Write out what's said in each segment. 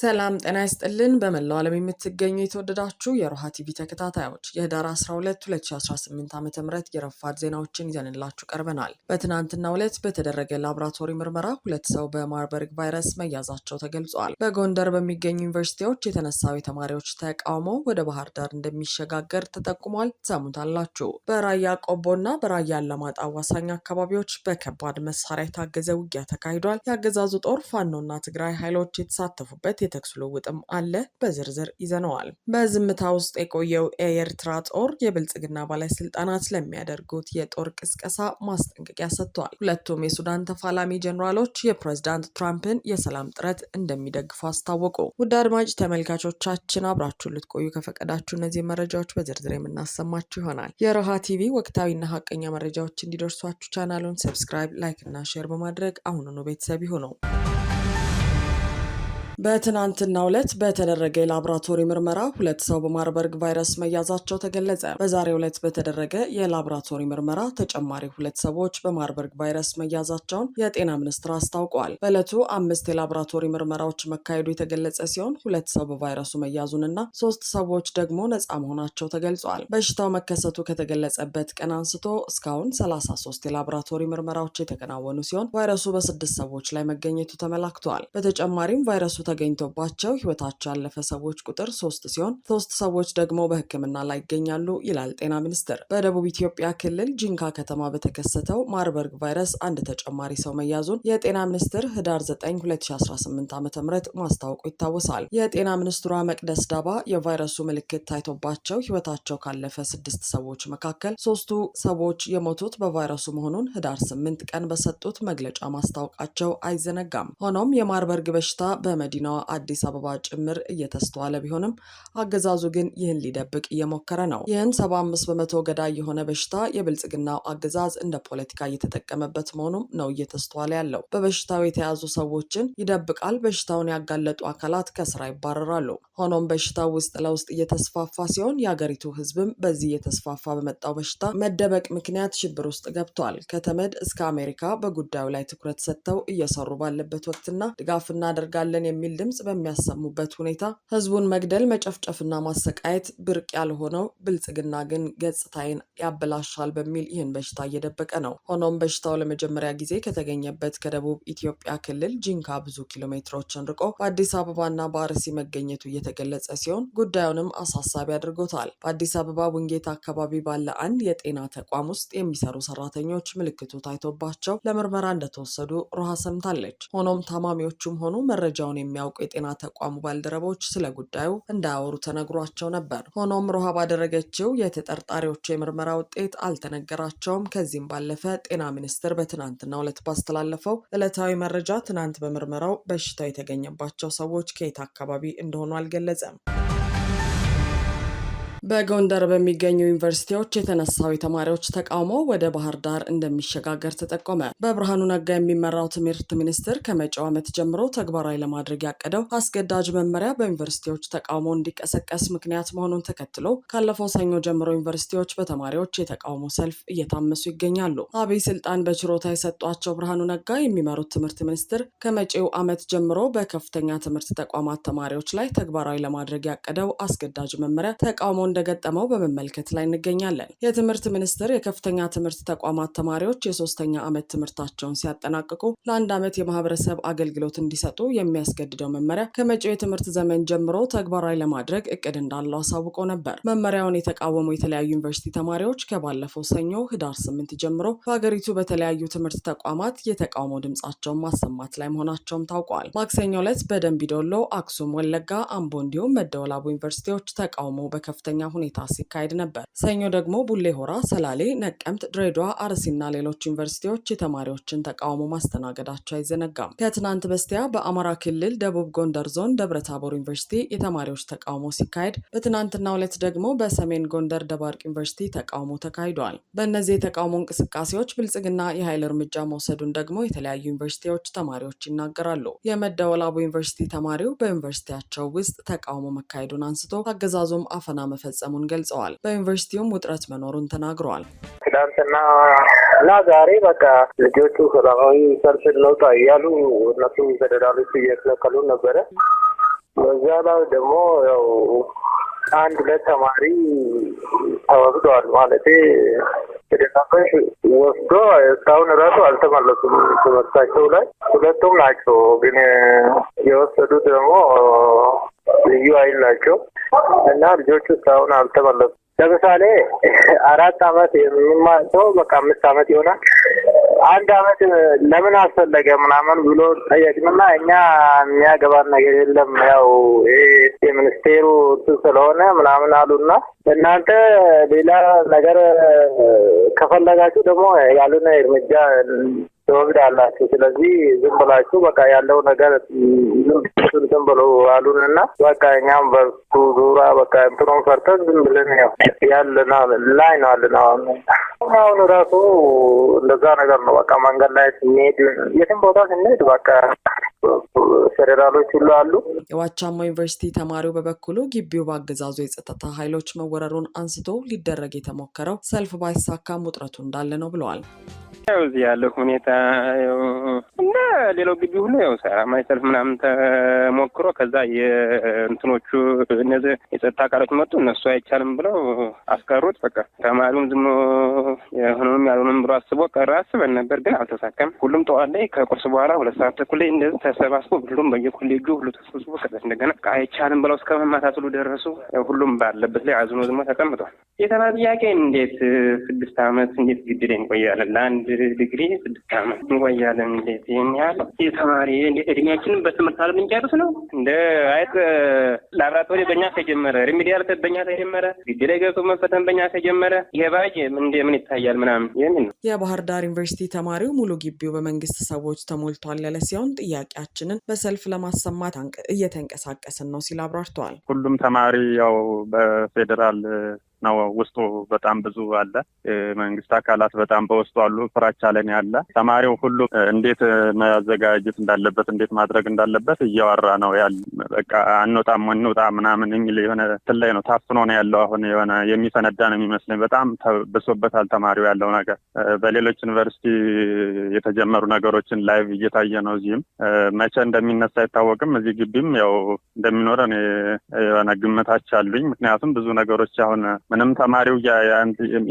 ሰላም ጤና ይስጥልን። በመላው ዓለም የምትገኙ የተወደዳችሁ የሮሃ ቲቪ ተከታታዮች የህዳር 12 2018 ዓ ም የረፋድ ዜናዎችን ይዘንላችሁ ቀርበናል። በትናንትናው ዕለት በተደረገ ላቦራቶሪ ምርመራ ሁለት ሰው በማርበርግ ቫይረስ መያዛቸው ተገልጿል። በጎንደር በሚገኙ ዩኒቨርሲቲዎች የተነሳው የተማሪዎች ተቃውሞ ወደ ባህር ዳር እንደሚሸጋገር ተጠቁሟል። ሰሙታላችሁ። በራያ ቆቦና በራያ አላማጣ አዋሳኝ አካባቢዎች በከባድ መሳሪያ የታገዘ ውጊያ ተካሂዷል። የአገዛዙ ጦር ፋኖና ትግራይ ኃይሎች የተሳተፉበት የተኩስ ልውውጥም አለ። በዝርዝር ይዘነዋል። በዝምታ ውስጥ የቆየው የኤርትራ ጦር የብልጽግና ባለስልጣናት ለሚያደርጉት የጦር ቅስቀሳ ማስጠንቀቂያ ሰጥተዋል። ሁለቱም የሱዳን ተፋላሚ ጀኔራሎች የፕሬዝዳንት ትራምፕን የሰላም ጥረት እንደሚደግፉ አስታወቁ። ውድ አድማጭ ተመልካቾቻችን አብራችሁ ልትቆዩ ከፈቀዳችሁ እነዚህ መረጃዎች በዝርዝር የምናሰማችሁ ይሆናል። የሮሃ ቲቪ ወቅታዊና ሀቀኛ መረጃዎች እንዲደርሷችሁ ቻናሉን ሰብስክራይብ፣ ላይክ እና ሼር በማድረግ አሁኑኑ ቤተሰብ ይሁኑ። በትናንትናው ዕለት በተደረገ የላቦራቶሪ ምርመራ ሁለት ሰው በማርበርግ ቫይረስ መያዛቸው ተገለጸ። በዛሬው ዕለት በተደረገ የላቦራቶሪ ምርመራ ተጨማሪ ሁለት ሰዎች በማርበርግ ቫይረስ መያዛቸውን የጤና ሚኒስትር አስታውቋል። በዕለቱ አምስት የላቦራቶሪ ምርመራዎች መካሄዱ የተገለጸ ሲሆን ሁለት ሰው በቫይረሱ መያዙንና ሶስት ሰዎች ደግሞ ነጻ መሆናቸው ተገልጿል። በሽታው መከሰቱ ከተገለጸበት ቀን አንስቶ እስካሁን 33 የላቦራቶሪ ምርመራዎች የተከናወኑ ሲሆን ቫይረሱ በስድስት ሰዎች ላይ መገኘቱ ተመላክቷል። በተጨማሪም ቫይረሱ ተገኝቶባቸው ህይወታቸው ያለፈ ሰዎች ቁጥር ሶስት ሲሆን ሶስት ሰዎች ደግሞ በህክምና ላይ ይገኛሉ ይላል ጤና ሚኒስቴር። በደቡብ ኢትዮጵያ ክልል ጂንካ ከተማ በተከሰተው ማርበርግ ቫይረስ አንድ ተጨማሪ ሰው መያዙን የጤና ሚኒስቴር ህዳር 9 2018 ዓ ም ማስታወቁ ይታወሳል። የጤና ሚኒስትሯ መቅደስ ዳባ የቫይረሱ ምልክት ታይቶባቸው ህይወታቸው ካለፈ ስድስት ሰዎች መካከል ሶስቱ ሰዎች የሞቱት በቫይረሱ መሆኑን ህዳር 8 ቀን በሰጡት መግለጫ ማስታወቃቸው አይዘነጋም። ሆኖም የማርበርግ በሽታ በመዲ በመዲናዋ አዲስ አበባ ጭምር እየተስተዋለ ቢሆንም አገዛዙ ግን ይህን ሊደብቅ እየሞከረ ነው። ይህን 75 በመቶ ገዳይ የሆነ በሽታ የብልጽግናው አገዛዝ እንደ ፖለቲካ እየተጠቀመበት መሆኑም ነው እየተስተዋለ ያለው። በበሽታው የተያዙ ሰዎችን ይደብቃል። በሽታውን ያጋለጡ አካላት ከስራ ይባረራሉ። ሆኖም በሽታው ውስጥ ለውስጥ እየተስፋፋ ሲሆን የአገሪቱ ህዝብም በዚህ እየተስፋፋ በመጣው በሽታ መደበቅ ምክንያት ሽብር ውስጥ ገብቷል። ከተመድ እስከ አሜሪካ በጉዳዩ ላይ ትኩረት ሰጥተው እየሰሩ ባለበት ወቅትና ድጋፍ እናደርጋለን የሚል የሚል ድምፅ በሚያሰሙበት ሁኔታ ህዝቡን መግደል፣ መጨፍጨፍና ማሰቃየት ብርቅ ያልሆነው ብልጽግና ግን ገጽታዬን ያበላሻል በሚል ይህን በሽታ እየደበቀ ነው። ሆኖም በሽታው ለመጀመሪያ ጊዜ ከተገኘበት ከደቡብ ኢትዮጵያ ክልል ጂንካ ብዙ ኪሎ ሜትሮችን ርቆ በአዲስ አበባና በአርሲ መገኘቱ እየተገለጸ ሲሆን ጉዳዩንም አሳሳቢ አድርጎታል። በአዲስ አበባ ውንጌት አካባቢ ባለ አንድ የጤና ተቋም ውስጥ የሚሰሩ ሰራተኞች ምልክቱ ታይቶባቸው ለምርመራ እንደተወሰዱ ሮሃ ሰምታለች። ሆኖም ታማሚዎቹም ሆኑ መረጃውን የሚያውቁ የጤና ተቋሙ ባልደረቦች ስለ ጉዳዩ እንዳያወሩ ተነግሯቸው ነበር። ሆኖም ሮሃ ባደረገችው የተጠርጣሪዎቹ የምርመራ ውጤት አልተነገራቸውም። ከዚህም ባለፈ ጤና ሚኒስቴር በትናንትናው ዕለት ባስተላለፈው ዕለታዊ መረጃ ትናንት በምርመራው በሽታው የተገኘባቸው ሰዎች ከየት አካባቢ እንደሆኑ አልገለጸም። በጎንደር በሚገኙ ዩኒቨርሲቲዎች የተነሳው የተማሪዎች ተቃውሞ ወደ ባህር ዳር እንደሚሸጋገር ተጠቆመ። በብርሃኑ ነጋ የሚመራው ትምህርት ሚኒስቴር ከመጪው ዓመት ጀምሮ ተግባራዊ ለማድረግ ያቀደው አስገዳጅ መመሪያ በዩኒቨርሲቲዎች ተቃውሞ እንዲቀሰቀስ ምክንያት መሆኑን ተከትሎ ካለፈው ሰኞ ጀምሮ ዩኒቨርሲቲዎች በተማሪዎች የተቃውሞ ሰልፍ እየታመሱ ይገኛሉ። አብይ ስልጣን በችሮታ የሰጧቸው ብርሃኑ ነጋ የሚመሩት ትምህርት ሚኒስቴር ከመጪው ዓመት ጀምሮ በከፍተኛ ትምህርት ተቋማት ተማሪዎች ላይ ተግባራዊ ለማድረግ ያቀደው አስገዳጅ መመሪያ ተቃውሞ እንደገጠመው በመመልከት ላይ እንገኛለን። የትምህርት ሚኒስቴር የከፍተኛ ትምህርት ተቋማት ተማሪዎች የሶስተኛ ዓመት ትምህርታቸውን ሲያጠናቅቁ ለአንድ ዓመት የማህበረሰብ አገልግሎት እንዲሰጡ የሚያስገድደው መመሪያ ከመጪው የትምህርት ዘመን ጀምሮ ተግባራዊ ለማድረግ እቅድ እንዳለው አሳውቆ ነበር። መመሪያውን የተቃወሙ የተለያዩ ዩኒቨርሲቲ ተማሪዎች ከባለፈው ሰኞ ህዳር ስምንት ጀምሮ በሀገሪቱ በተለያዩ ትምህርት ተቋማት የተቃውሞ ድምጻቸውን ማሰማት ላይ መሆናቸውም ታውቋል። ማክሰኞ ዕለት በደንቢዶሎ፣ አክሱም፣ ወለጋ፣ አምቦ እንዲሁም መደወላቡ ዩኒቨርሲቲዎች ተቃውሞ በከፍተኛ ሁኔታ ሲካሄድ ነበር። ሰኞ ደግሞ ቡሌ ሆራ፣ ሰላሌ፣ ነቀምት፣ ድሬዳዋ፣ አርሲና ሌሎች ዩኒቨርሲቲዎች የተማሪዎችን ተቃውሞ ማስተናገዳቸው አይዘነጋም። ከትናንት በስቲያ በአማራ ክልል ደቡብ ጎንደር ዞን ደብረታቦር ዩኒቨርሲቲ የተማሪዎች ተቃውሞ ሲካሄድ፣ በትናንትናው ዕለት ደግሞ በሰሜን ጎንደር ደባርቅ ዩኒቨርሲቲ ተቃውሞ ተካሂዷል። በእነዚህ የተቃውሞ እንቅስቃሴዎች ብልጽግና የኃይል እርምጃ መውሰዱን ደግሞ የተለያዩ ዩኒቨርሲቲዎች ተማሪዎች ይናገራሉ። የመደወላቡ ዩኒቨርሲቲ ተማሪው በዩኒቨርሲቲያቸው ውስጥ ተቃውሞ መካሄዱን አንስቶ አገዛዙም አፈና መፈጸ መፈጸሙን ገልጸዋል። በዩኒቨርሲቲውም ውጥረት መኖሩን ተናግረዋል። ትናንትና እና ዛሬ በቃ ልጆቹ ሰላማዊ ሰልፍ ለውጣ እያሉ እነሱ ፌደራሎቹ እየከለከሉ ነበረ። በዛ ላይ ደግሞ ያው አንድ ሁለት ተማሪ ተወስደዋል። ማለት ፌደራሎች ወስዶ እስካሁን ራሱ አልተመለሱም ትምህርታቸው ላይ ሁለቱም ናቸው። ግን የወሰዱት ደግሞ ልዩ ኃይል ናቸው እና ልጆቹ እስካሁን አልተመለሱ። ለምሳሌ አራት አመት የሚማር ሰው በቃ አምስት አመት ይሆናል። አንድ አመት ለምን አስፈለገ ምናምን ብሎ ጠየቅንና እኛ የሚያገባን ነገር የለም ያው የሚኒስቴሩ ስለሆነ ምናምን አሉና እናንተ ሌላ ነገር ከፈለጋችሁ ደግሞ ያሉን እርምጃ ትወግድ አላችሁ። ስለዚህ ዝም ብላችሁ በቃ ያለው ነገር ዝም ብሎ አሉን እና በቃ እኛም በርቱ ዙራ በቃ እንትኖን ፈርተን ዝም ብለን ያው ያለና ላይ ነው አለን። አሁን አሁን ራሱ እንደዛ ነገር ነው። በቃ መንገድ ላይ ስንሄድ የትም ቦታ ስንሄድ በቃ ፌዴራሎች ሁሉ አሉ። የዋቻሞ ዩኒቨርሲቲ ተማሪው በበኩሉ ግቢው በአገዛዙ የጸጥታ ኃይሎች መወረሩን አንስቶ ሊደረግ የተሞከረው ሰልፍ ባይሳካም ውጥረቱ እንዳለ ነው ብለዋል። እዚህ ያለው ሁኔታ እና ሌላው ግቢ ሁሉ ያው ሰላማዊ ሰልፍ ምናምን ተሞክሮ ከዛ የእንትኖቹ እነዚህ የጸጥታ አካሎች መጡ። እነሱ አይቻልም ብለው አስቀሩት። በቃ ተማሪውም ዝም የሆነም ያልሆነም ብሎ አስቦ ቀረ። አስበን ነበር ግን አልተሳካም። ሁሉም ጠዋት ላይ ከቁርስ በኋላ ሁለት ሰዓት ተኩል ላይ እንደዚህ ተሰባስቦ ሁሉም በየኮሌጁ ሁሉ ተሰብስቦ ከዛ እንደገና አይቻልም ብለው እስከ መማታትሉ ሁሉ ደረሱ። ሁሉም ባለበት ላይ አዝኖ ዝሞ ተቀምጧል። የተማ ጥያቄ እንዴት ስድስት አመት እንዴት ግድል እንቆያለን? ለአንድ ዲግሪ ስድስት እንቆያለን። እንደዚህ ይህን ያህል የተማሪ እድሜያችንን በትምህርት አለም እንጨርስ ነው። እንደ አይጥ ላብራቶሪ በእኛ ተጀመረ፣ ሪሚዲያል በእኛ ተጀመረ፣ ላይ ገብቶ መፈተን በእኛ ተጀመረ። ይሄ ባጅ ምን ይታያል ምናምን የሚል ነው። የባህር ዳር ዩኒቨርሲቲ ተማሪው ሙሉ ግቢው በመንግስት ሰዎች ተሞልቷል ያለ ሲሆን ጥያቄያችንን በሰልፍ ለማሰማት እየተንቀሳቀስን ነው ሲል አብራርተዋል። ሁሉም ተማሪ ያው በፌዴራል ነው። ውስጡ በጣም ብዙ አለ። መንግስት አካላት በጣም በውስጡ አሉ። ፍራቻ ለን ያለ ተማሪው ሁሉ እንዴት መዘጋጀት እንዳለበት፣ እንዴት ማድረግ እንዳለበት እያወራ ነው ያለ። በቃ አንወጣም እንውጣ ምናምን የሚል የሆነ እንትን ላይ ነው ታፍኖ ነው ያለው። አሁን የሆነ የሚፈነዳ ነው የሚመስለኝ። በጣም ብሶበታል ተማሪው ያለው ነገር። በሌሎች ዩኒቨርሲቲ የተጀመሩ ነገሮችን ላይቭ እየታየ ነው። እዚህም መቼ እንደሚነሳ አይታወቅም። እዚህ ግቢም ያው እንደሚኖረ የሆነ ግምታች አሉኝ። ምክንያቱም ብዙ ነገሮች አሁን ምንም ተማሪው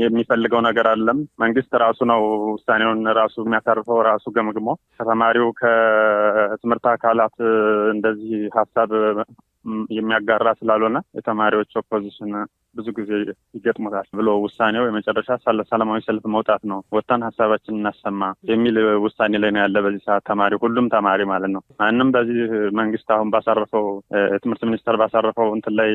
የሚፈልገው ነገር አለም። መንግስት ራሱ ነው ውሳኔውን ራሱ የሚያሳርፈው ራሱ ገምግሞ ከተማሪው ከትምህርት አካላት እንደዚህ ሀሳብ የሚያጋራ ስላልሆነ የተማሪዎች ኦፖዚሽን ብዙ ጊዜ ይገጥሙታል ብሎ ውሳኔው የመጨረሻ ሰላማዊ ሰልፍ መውጣት ነው፣ ወጥተን ሀሳባችን እናሰማ የሚል ውሳኔ ላይ ነው ያለ። በዚህ ሰዓት ተማሪ ሁሉም ተማሪ ማለት ነው። ማንም በዚህ መንግስት አሁን ባሳረፈው ትምህርት ሚኒስቴር ባሳረፈው እንትን ላይ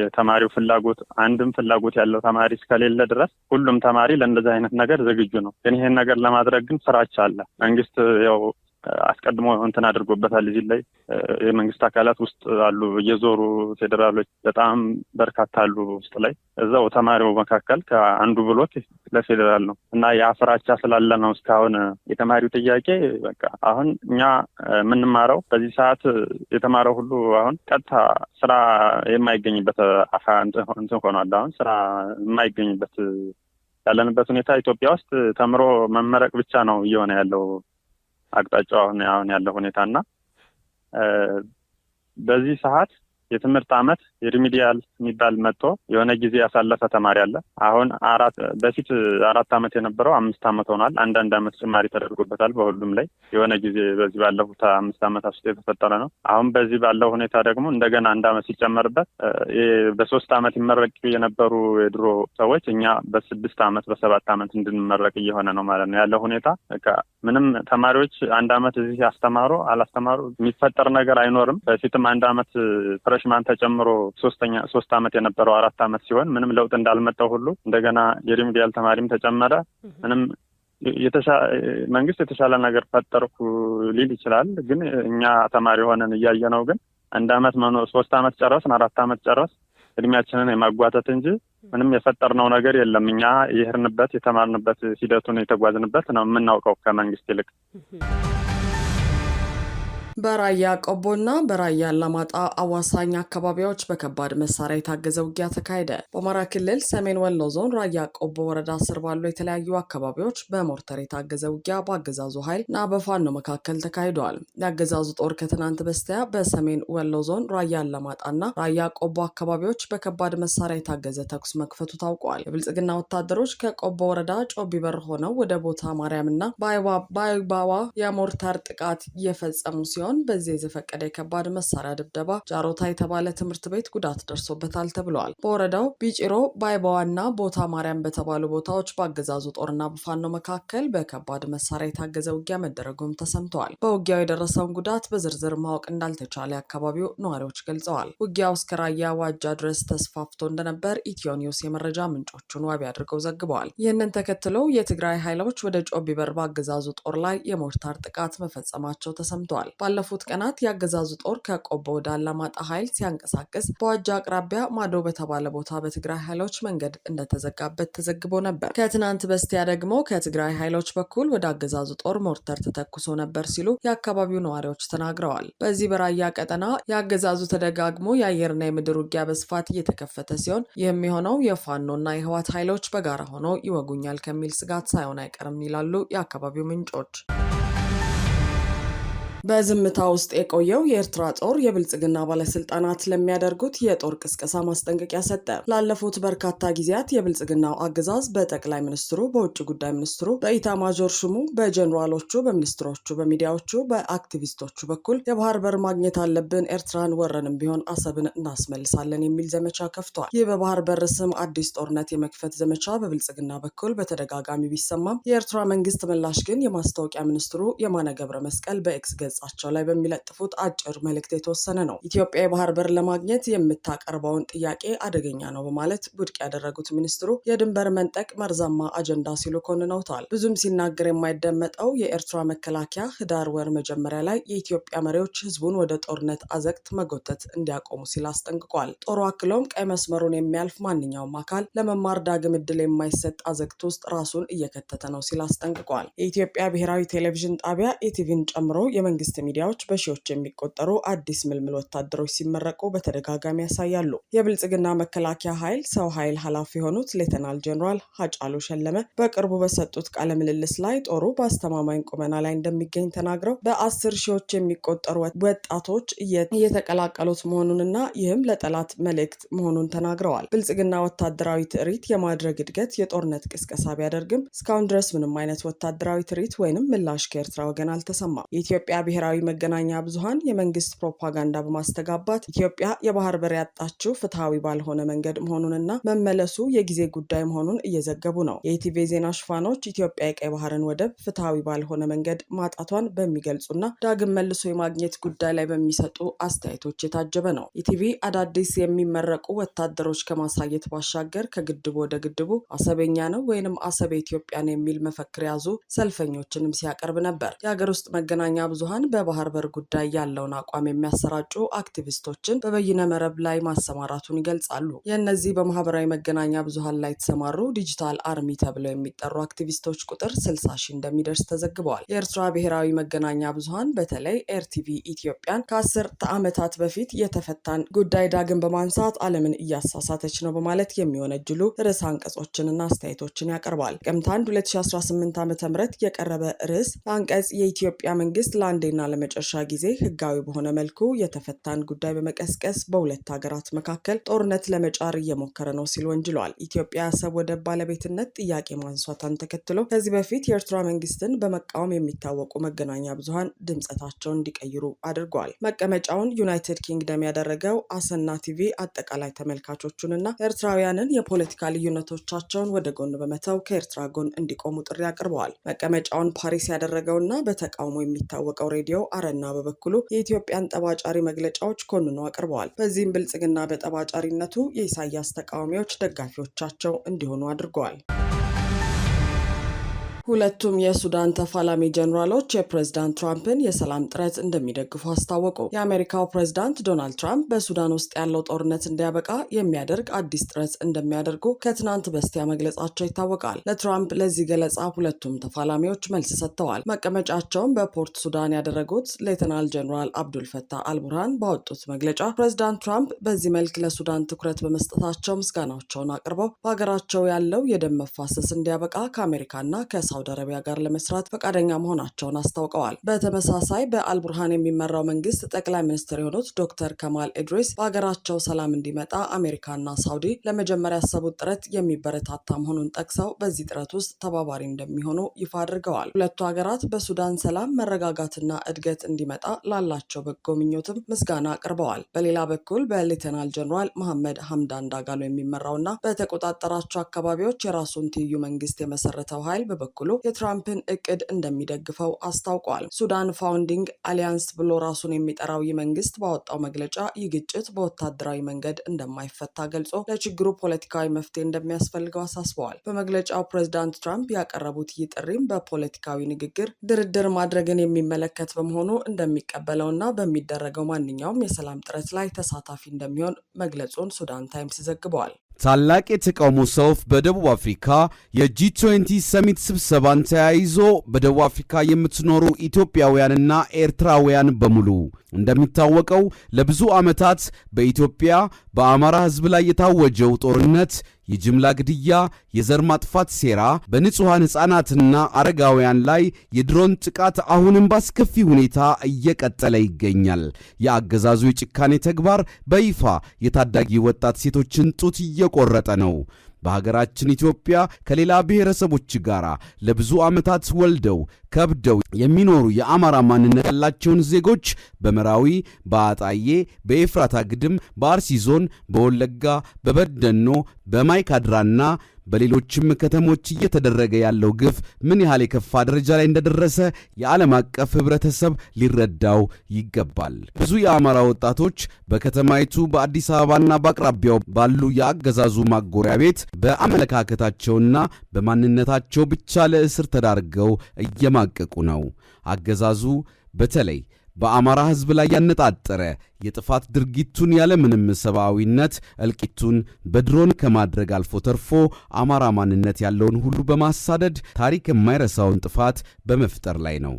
የተማሪው ፍላጎት አንድም ፍላጎት ያለው ተማሪ እስከሌለ ድረስ ሁሉም ተማሪ ለእንደዚህ አይነት ነገር ዝግጁ ነው። ግን ይሄን ነገር ለማድረግ ግን ፍራቻ አለ። መንግስት ያው አስቀድሞ እንትን አድርጎበታል። እዚህ ላይ የመንግስት አካላት ውስጥ አሉ፣ እየዞሩ ፌዴራሎች በጣም በርካታ አሉ። ውስጥ ላይ እዛው ተማሪው መካከል ከአንዱ ብሎክ ለፌዴራል ነው እና የአፍራቻ ስላለ ነው እስካሁን የተማሪው ጥያቄ በቃ አሁን እኛ የምንማረው በዚህ ሰዓት የተማረው ሁሉ አሁን ቀጥታ ስራ የማይገኝበት አፋ እንትን ሆኗል። አሁን ስራ የማይገኝበት ያለንበት ሁኔታ ኢትዮጵያ ውስጥ ተምሮ መመረቅ ብቻ ነው እየሆነ ያለው። አቅጣጫው አሁን ያለ ሁኔታና በዚህ ሰዓት የትምህርት አመት የሪሚዲያል የሚባል መጥቶ የሆነ ጊዜ ያሳለፈ ተማሪ አለ። አሁን አራት በፊት አራት አመት የነበረው አምስት አመት ሆኗል። አንዳንድ አመት ጭማሪ ተደርጎበታል። በሁሉም ላይ የሆነ ጊዜ በዚህ ባለፉት አምስት አመታት ውስጥ የተፈጠረ ነው። አሁን በዚህ ባለው ሁኔታ ደግሞ እንደገና አንድ አመት ሲጨመርበት በሶስት አመት ይመረቅ የነበሩ የድሮ ሰዎች እኛ በስድስት አመት በሰባት አመት እንድንመረቅ እየሆነ ነው ማለት ነው ያለው ሁኔታ። ምንም ተማሪዎች አንድ አመት እዚህ አስተማሩ አላስተማሩ የሚፈጠር ነገር አይኖርም። በፊትም አንድ አመት ፍሬሽማን ተጨምሮ ሶስተኛ ሶስት አመት የነበረው አራት አመት ሲሆን ምንም ለውጥ እንዳልመጣው ሁሉ እንደገና የሪሚዲያል ተማሪም ተጨመረ። ምንም መንግስት የተሻለ ነገር ፈጠርኩ ሊል ይችላል። ግን እኛ ተማሪ ሆነን እያየ ነው። ግን አንድ አመት መኖ ሶስት አመት ጨረስን፣ አራት አመት ጨረስ እድሜያችንን የማጓተት እንጂ ምንም የፈጠርነው ነገር የለም። እኛ የሄድንበት የተማርንበት ሂደቱን የተጓዝንበት ነው የምናውቀው ከመንግስት ይልቅ በራያ ቆቦና በራያ አላማጣ አዋሳኝ አካባቢዎች በከባድ መሳሪያ የታገዘ ውጊያ ተካሄደ። በአማራ ክልል ሰሜን ወሎ ዞን ራያ ቆቦ ወረዳ ስር ባሉ የተለያዩ አካባቢዎች በሞርተር የታገዘ ውጊያ በአገዛዙ ኃይል እና በፋኖ መካከል ተካሂደዋል። የአገዛዙ ጦር ከትናንት በስቲያ በሰሜን ወሎ ዞን ራያ አላማጣና ራያ ቆቦ አካባቢዎች በከባድ መሳሪያ የታገዘ ተኩስ መክፈቱ ታውቋል። የብልጽግና ወታደሮች ከቆቦ ወረዳ ጮቢ በር ሆነው ወደ ቦታ ማርያምና ባይባዋ የሞርተር ጥቃት እየፈጸሙ ሲሆን ሲሆን በዚህ የዘፈቀደ የከባድ መሳሪያ ድብደባ ጃሮታ የተባለ ትምህርት ቤት ጉዳት ደርሶበታል ተብለዋል። በወረዳው ቢጭሮ፣ ባይባዋና ቦታ ማርያም በተባሉ ቦታዎች በአገዛዙ ጦርና በፋኖ መካከል በከባድ መሳሪያ የታገዘ ውጊያ መደረጉም ተሰምተዋል። በውጊያው የደረሰውን ጉዳት በዝርዝር ማወቅ እንዳልተቻለ የአካባቢው ነዋሪዎች ገልጸዋል። ውጊያው እስከ ራያ ዋጃ ድረስ ተስፋፍቶ እንደነበር ኢትዮ ኒውስ የመረጃ ምንጮቹን ዋቢ አድርገው ዘግበዋል። ይህንን ተከትሎ የትግራይ ኃይሎች ወደ ጮቢ በርባ አገዛዙ ጦር ላይ የሞርታር ጥቃት መፈጸማቸው ተሰምተዋል። ባለፉት ቀናት የአገዛዙ ጦር ከቆቦ ወደ አላማጣ ኃይል ሲያንቀሳቅስ በዋጃ አቅራቢያ ማዶ በተባለ ቦታ በትግራይ ኃይሎች መንገድ እንደተዘጋበት ተዘግቦ ነበር። ከትናንት በስቲያ ደግሞ ከትግራይ ኃይሎች በኩል ወደ አገዛዙ ጦር ሞርተር ተተኩሶ ነበር ሲሉ የአካባቢው ነዋሪዎች ተናግረዋል። በዚህ በራያ ቀጠና የአገዛዙ ተደጋግሞ የአየርና የምድር ውጊያ በስፋት እየተከፈተ ሲሆን ይህም የሆነው የፋኖና የህዋት ኃይሎች በጋራ ሆነው ይወጉኛል ከሚል ስጋት ሳይሆን አይቀርም ይላሉ የአካባቢው ምንጮች። በዝምታ ውስጥ የቆየው የኤርትራ ጦር የብልጽግና ባለስልጣናት ለሚያደርጉት የጦር ቅስቀሳ ማስጠንቀቂያ ሰጠ። ላለፉት በርካታ ጊዜያት የብልጽግናው አገዛዝ በጠቅላይ ሚኒስትሩ፣ በውጭ ጉዳይ ሚኒስትሩ፣ በኢታማዦር ሹሙ፣ በጀኔራሎቹ፣ በሚኒስትሮቹ፣ በሚዲያዎቹ፣ በአክቲቪስቶቹ በኩል የባህር በር ማግኘት አለብን፣ ኤርትራን ወረንም ቢሆን አሰብን እናስመልሳለን የሚል ዘመቻ ከፍቷል። ይህ በባህር በር ስም አዲስ ጦርነት የመክፈት ዘመቻ በብልጽግና በኩል በተደጋጋሚ ቢሰማም የኤርትራ መንግስት ምላሽ ግን የማስታወቂያ ሚኒስትሩ የማነ ገብረ መስቀል በኤክስ ገ ገጻቸው ላይ በሚለጥፉት አጭር መልእክት የተወሰነ ነው። ኢትዮጵያ የባህር በር ለማግኘት የምታቀርበውን ጥያቄ አደገኛ ነው በማለት ውድቅ ያደረጉት ሚኒስትሩ የድንበር መንጠቅ መርዛማ አጀንዳ ሲሉ ኮንነውታል። ብዙም ሲናገር የማይደመጠው የኤርትራ መከላከያ ህዳር ወር መጀመሪያ ላይ የኢትዮጵያ መሪዎች ህዝቡን ወደ ጦርነት አዘቅት መጎተት እንዲያቆሙ ሲል አስጠንቅቋል። ጦሩ አክሎም ቀይ መስመሩን የሚያልፍ ማንኛውም አካል ለመማር ዳግም እድል የማይሰጥ አዘቅት ውስጥ ራሱን እየከተተ ነው ሲል አስጠንቅቋል። የኢትዮጵያ ብሔራዊ ቴሌቪዥን ጣቢያ ኢቲቪን ጨምሮ የመንግስት የመንግስት ሚዲያዎች በሺዎች የሚቆጠሩ አዲስ ምልምል ወታደሮች ሲመረቁ በተደጋጋሚ ያሳያሉ። የብልጽግና መከላከያ ኃይል ሰው ኃይል ኃላፊ የሆኑት ሌተናል ጀኔራል ሀጫሉ ሸለመ በቅርቡ በሰጡት ቃለ ምልልስ ላይ ጦሩ በአስተማማኝ ቁመና ላይ እንደሚገኝ ተናግረው በአስር ሺዎች የሚቆጠሩ ወጣቶች እየተቀላቀሉት መሆኑንና ይህም ለጠላት መልእክት መሆኑን ተናግረዋል። ብልጽግና ወታደራዊ ትርኢት የማድረግ እድገት የጦርነት ቅስቀሳ ቢያደርግም እስካሁን ድረስ ምንም አይነት ወታደራዊ ትርኢት ወይንም ምላሽ ከኤርትራ ወገን አልተሰማም። የኢትዮጵያ ብሔራዊ መገናኛ ብዙሃን የመንግስት ፕሮፓጋንዳ በማስተጋባት ኢትዮጵያ የባህር በር ያጣችው ፍትሐዊ ባልሆነ መንገድ መሆኑንና መመለሱ የጊዜ ጉዳይ መሆኑን እየዘገቡ ነው። የኢቲቪ ዜና ሽፋኖች ኢትዮጵያ የቀይ ባህርን ወደብ ፍትሐዊ ባልሆነ መንገድ ማጣቷን በሚገልጹና ዳግም መልሶ የማግኘት ጉዳይ ላይ በሚሰጡ አስተያየቶች የታጀበ ነው። ኢቲቪ አዳዲስ የሚመረቁ ወታደሮች ከማሳየት ባሻገር ከግድቡ ወደ ግድቡ አሰበኛ ነው ወይንም አሰብ ኢትዮጵያን የሚል መፈክር የያዙ ሰልፈኞችንም ሲያቀርብ ነበር። የሀገር ውስጥ መገናኛ ብዙኃን ምሁራን በባህር በር ጉዳይ ያለውን አቋም የሚያሰራጩ አክቲቪስቶችን በበይነ መረብ ላይ ማሰማራቱን ይገልጻሉ። የእነዚህ በማህበራዊ መገናኛ ብዙሀን ላይ የተሰማሩ ዲጂታል አርሚ ተብለው የሚጠሩ አክቲቪስቶች ቁጥር ስልሳ ሺህ እንደሚደርስ ተዘግበዋል። የኤርትራ ብሔራዊ መገናኛ ብዙሀን በተለይ ኤርቲቪ ኢትዮጵያን ከአስርተ ዓመታት በፊት የተፈታን ጉዳይ ዳግም በማንሳት ዓለምን እያሳሳተች ነው በማለት የሚወነጅሉ ርዕሰ አንቀጾችንና አስተያየቶችን ያቀርባል። ጥቅምት 1 2018 ዓ ም የቀረበ ርዕስ አንቀጽ የኢትዮጵያ መንግስት ለአንድ ለአንዴና ለመጨረሻ ጊዜ ህጋዊ በሆነ መልኩ የተፈታን ጉዳይ በመቀስቀስ በሁለት ሀገራት መካከል ጦርነት ለመጫር እየሞከረ ነው ሲል ወንጅሏል። ኢትዮጵያ አሰብ ወደብ ባለቤትነት ጥያቄ ማንሷታን ተከትሎ ከዚህ በፊት የኤርትራ መንግስትን በመቃወም የሚታወቁ መገናኛ ብዙሀን ድምጸታቸውን እንዲቀይሩ አድርጓል። መቀመጫውን ዩናይትድ ኪንግደም ያደረገው አሰና ቲቪ አጠቃላይ ተመልካቾቹንና ኤርትራውያንን የፖለቲካ ልዩነቶቻቸውን ወደ ጎን በመተው ከኤርትራ ጎን እንዲቆሙ ጥሪ አቅርበዋል። መቀመጫውን ፓሪስ ያደረገውና በተቃውሞ የሚታወቀው ሬዲዮ አረና በበኩሉ የኢትዮጵያን ጠባጫሪ መግለጫዎች ኮንኖ አቅርበዋል። በዚህም ብልጽግና በጠባጫሪነቱ የኢሳያስ ተቃዋሚዎች ደጋፊዎቻቸው እንዲሆኑ አድርገዋል። ሁለቱም የሱዳን ተፋላሚ ጀኔራሎች የፕሬዝዳንት ትራምፕን የሰላም ጥረት እንደሚደግፉ አስታወቁ። የአሜሪካው ፕሬዝዳንት ዶናልድ ትራምፕ በሱዳን ውስጥ ያለው ጦርነት እንዲያበቃ የሚያደርግ አዲስ ጥረት እንደሚያደርጉ ከትናንት በስቲያ መግለጻቸው ይታወቃል። ለትራምፕ ለዚህ ገለጻ ሁለቱም ተፋላሚዎች መልስ ሰጥተዋል። መቀመጫቸውን በፖርት ሱዳን ያደረጉት ሌተናል ጀኔራል አብዱልፈታህ አልቡርሃን ባወጡት መግለጫ ፕሬዝዳንት ትራምፕ በዚህ መልክ ለሱዳን ትኩረት በመስጠታቸው ምስጋናቸውን አቅርበው በሀገራቸው ያለው የደም መፋሰስ እንዲያበቃ ከአሜሪካና ከሳ ከሳውዲ አረቢያ ጋር ለመስራት ፈቃደኛ መሆናቸውን አስታውቀዋል። በተመሳሳይ በአልቡርሃን የሚመራው መንግስት ጠቅላይ ሚኒስትር የሆኑት ዶክተር ከማል ኢድሪስ በሀገራቸው ሰላም እንዲመጣ አሜሪካና ሳውዲ ለመጀመሪያ ያሰቡት ጥረት የሚበረታታ መሆኑን ጠቅሰው በዚህ ጥረት ውስጥ ተባባሪ እንደሚሆኑ ይፋ አድርገዋል። ሁለቱ ሀገራት በሱዳን ሰላም መረጋጋትና እድገት እንዲመጣ ላላቸው በጎ ምኞትም ምስጋና አቅርበዋል። በሌላ በኩል በሌተናል ጀኔራል መሐመድ ሀምዳን ዳጋሎ የሚመራውና በተቆጣጠራቸው አካባቢዎች የራሱን ትይዩ መንግስት የመሰረተው ኃይል በበኩሉ ብሎ የትራምፕን እቅድ እንደሚደግፈው አስታውቋል። ሱዳን ፋውንዲንግ አሊያንስ ብሎ ራሱን የሚጠራው ይህ መንግስት ባወጣው መግለጫ ይህ ግጭት በወታደራዊ መንገድ እንደማይፈታ ገልጾ ለችግሩ ፖለቲካዊ መፍትሄ እንደሚያስፈልገው አሳስበዋል። በመግለጫው ፕሬዚዳንት ትራምፕ ያቀረቡት ይህ ጥሪም በፖለቲካዊ ንግግር ድርድር ማድረግን የሚመለከት በመሆኑ እንደሚቀበለው እና በሚደረገው ማንኛውም የሰላም ጥረት ላይ ተሳታፊ እንደሚሆን መግለጹን ሱዳን ታይምስ ዘግበዋል። ታላቅ የተቃውሞ ሰልፍ በደቡብ አፍሪካ የጂ20 ሰሚት ስብሰባን ተያይዞ በደቡብ አፍሪካ የምትኖሩ ኢትዮጵያውያንና ኤርትራውያን በሙሉ እንደሚታወቀው ለብዙ ዓመታት በኢትዮጵያ በአማራ ሕዝብ ላይ የታወጀው ጦርነት የጅምላ ግድያ፣ የዘር ማጥፋት ሴራ፣ በንጹሐን ሕፃናትና አረጋውያን ላይ የድሮን ጥቃት አሁንም በአስከፊ ሁኔታ እየቀጠለ ይገኛል። የአገዛዙ የጭካኔ ተግባር በይፋ የታዳጊ ወጣት ሴቶችን ጡት እየቆረጠ ነው። በሀገራችን ኢትዮጵያ ከሌላ ብሔረሰቦች ጋር ለብዙ ዓመታት ወልደው ከብደው የሚኖሩ የአማራ ማንነት ያላቸውን ዜጎች በመራዊ፣ በአጣዬ፣ በኤፍራታ ግድም፣ በአርሲ ዞን፣ በወለጋ፣ በበደኖ፣ በማይካድራና በሌሎችም ከተሞች እየተደረገ ያለው ግፍ ምን ያህል የከፋ ደረጃ ላይ እንደደረሰ የዓለም አቀፍ ህብረተሰብ ሊረዳው ይገባል። ብዙ የአማራ ወጣቶች በከተማይቱ በአዲስ አበባና በአቅራቢያው ባሉ የአገዛዙ ማጎሪያ ቤት በአመለካከታቸውና በማንነታቸው ብቻ ለእስር ተዳርገው እየማቀቁ ነው። አገዛዙ በተለይ በአማራ ሕዝብ ላይ ያነጣጠረ የጥፋት ድርጊቱን ያለምንም ሰብአዊነት እልቂቱን በድሮን ከማድረግ አልፎ ተርፎ አማራ ማንነት ያለውን ሁሉ በማሳደድ ታሪክ የማይረሳውን ጥፋት በመፍጠር ላይ ነው።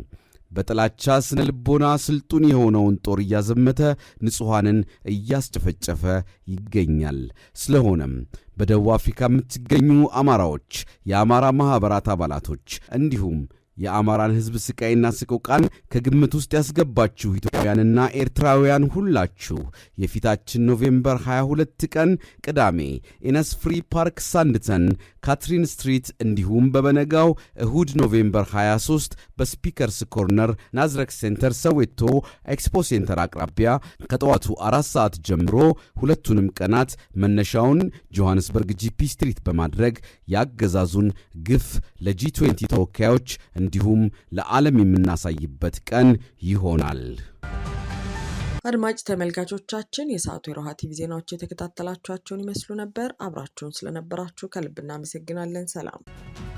በጥላቻ ስነ ልቦና ስልጡን የሆነውን ጦር እያዘመተ ንጹሐንን እያስጨፈጨፈ ይገኛል። ስለሆነም በደቡብ አፍሪካ የምትገኙ አማራዎች፣ የአማራ ማኅበራት አባላቶች እንዲሁም የአማራን ሕዝብ ስቃይና ስቆቃን ከግምት ውስጥ ያስገባችሁ ኢትዮጵያውያንና ኤርትራውያን ሁላችሁ የፊታችን ኖቬምበር 22 ቀን ቅዳሜ ኢነስ ፍሪ ፓርክ ሳንድተን ካትሪን ስትሪት እንዲሁም በበነጋው እሁድ ኖቬምበር 23 በስፒከርስ ኮርነር ናዝረክ ሴንተር ሰዌቶ ኤክስፖ ሴንተር አቅራቢያ ከጠዋቱ አራት ሰዓት ጀምሮ ሁለቱንም ቀናት መነሻውን ጆሐንስበርግ ጂፒ ስትሪት በማድረግ ያገዛዙን ግፍ ለጂ20 ተወካዮች እንዲሁም ለዓለም የምናሳይበት ቀን ይሆናል። አድማጭ ተመልካቾቻችን የሰዓቱ የሮሃ ቲቪ ዜናዎች የተከታተላችኋቸውን ይመስሉ ነበር። አብራችሁን ስለነበራችሁ ከልብ እናመሰግናለን። ሰላም